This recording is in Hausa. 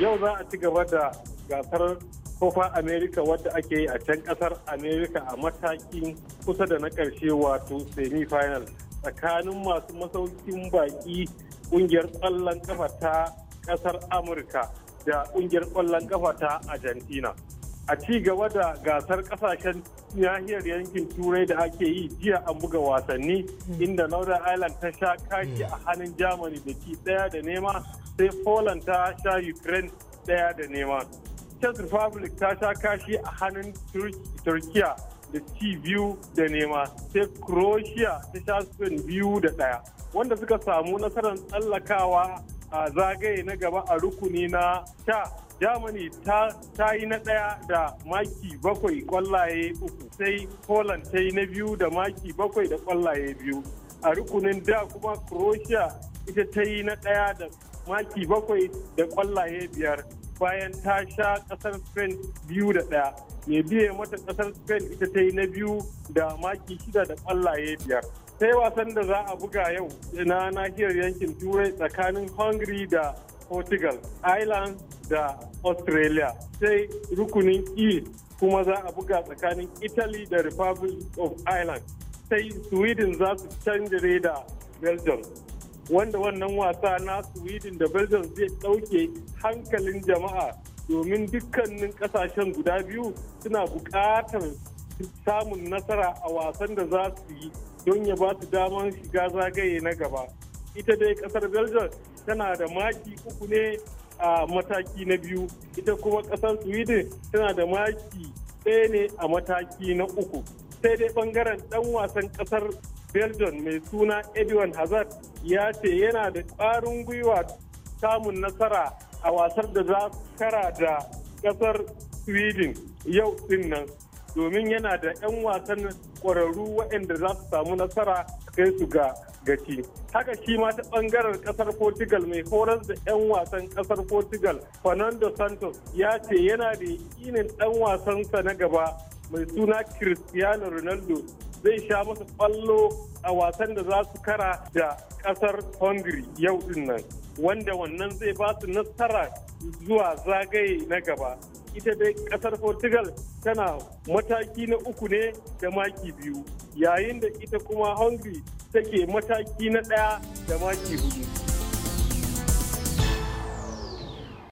yau za a ci gaba da gasar kofa amerika wadda ake yi a can kasar amerika a matakin kusa da na karshe wato semi final tsakanin masu masaukin baki kungiyar kwallon kafa ta kasar amurka da kungiyar kwallon kafa ta argentina a ci gaba da gasar kasashen nahiyar yankin turai da ake yi jiya an buga wasanni inda northern ireland ta sha kashi a hannun germany da ke daya da nema sai poland ta sha ukraine daya da nema czech republic ta sha kashi a hannun turkiya da ci biyu da nema sai croatia ta sha spain biyu da daya wanda suka samu nasarar tsallakawa a zagaye na gaba a rukuni na sha germany ta yi na ɗaya da maki bakwai kwallaye uku sai poland ta yi na biyu da maki bakwai da kwallaye biyu a rukunin da kuma croatia ita ta yi na ɗaya da maki bakwai da kwallaye biyar bayan ta sha ƙasar spain biyu da ɗaya mai biye mata ƙasar spain ita ta yi na biyu da maki shida da kwallaye biyar sai wasan da za a buga yau na nahiyar yankin turai tsakanin hungary da portugal ireland da australia sai rukunin e kuma za a buga tsakanin italy da republic of ireland sai sweden za su canja da belgium wanda wannan wasa na sweden da belgium zai ɗauke hankalin jama'a domin dukkanin kasashen guda biyu suna buƙatar samun nasara a wasan da za su yi don ya ba su damar shiga zagaye na gaba ita dai kasar belgium tana da maki uku ne a mataki na biyu ita kuma kasar sweden tana da maki ɗaya ne a mataki na uku sai dai bangaren dan wasan kasar belgium mai suna edwin hazard ya ce yana da ƙwarin gwiwa samun nasara a wasar da za kara da kasar sweden yau din nan domin yana da 'yan wasan ƙwararru waɗanda za su samu nasara kai su ga gaci haka shi ma ta ɓangaren ƙasar portugal mai horar da 'yan wasan ƙasar portugal fernando santos ya ce yana da yakinin ɗan wasansa na gaba mai suna cristiano ronaldo zai sha masa ɓallo a wasan da za su kara da ƙasar hungary yau din nan wanda wannan zai ba su nasara zuwa zagaye na gaba ita dai kasar portugal tana mataki na uku ne da maki biyu yayin da ita kuma hungary take mataki na ɗaya da maki hudu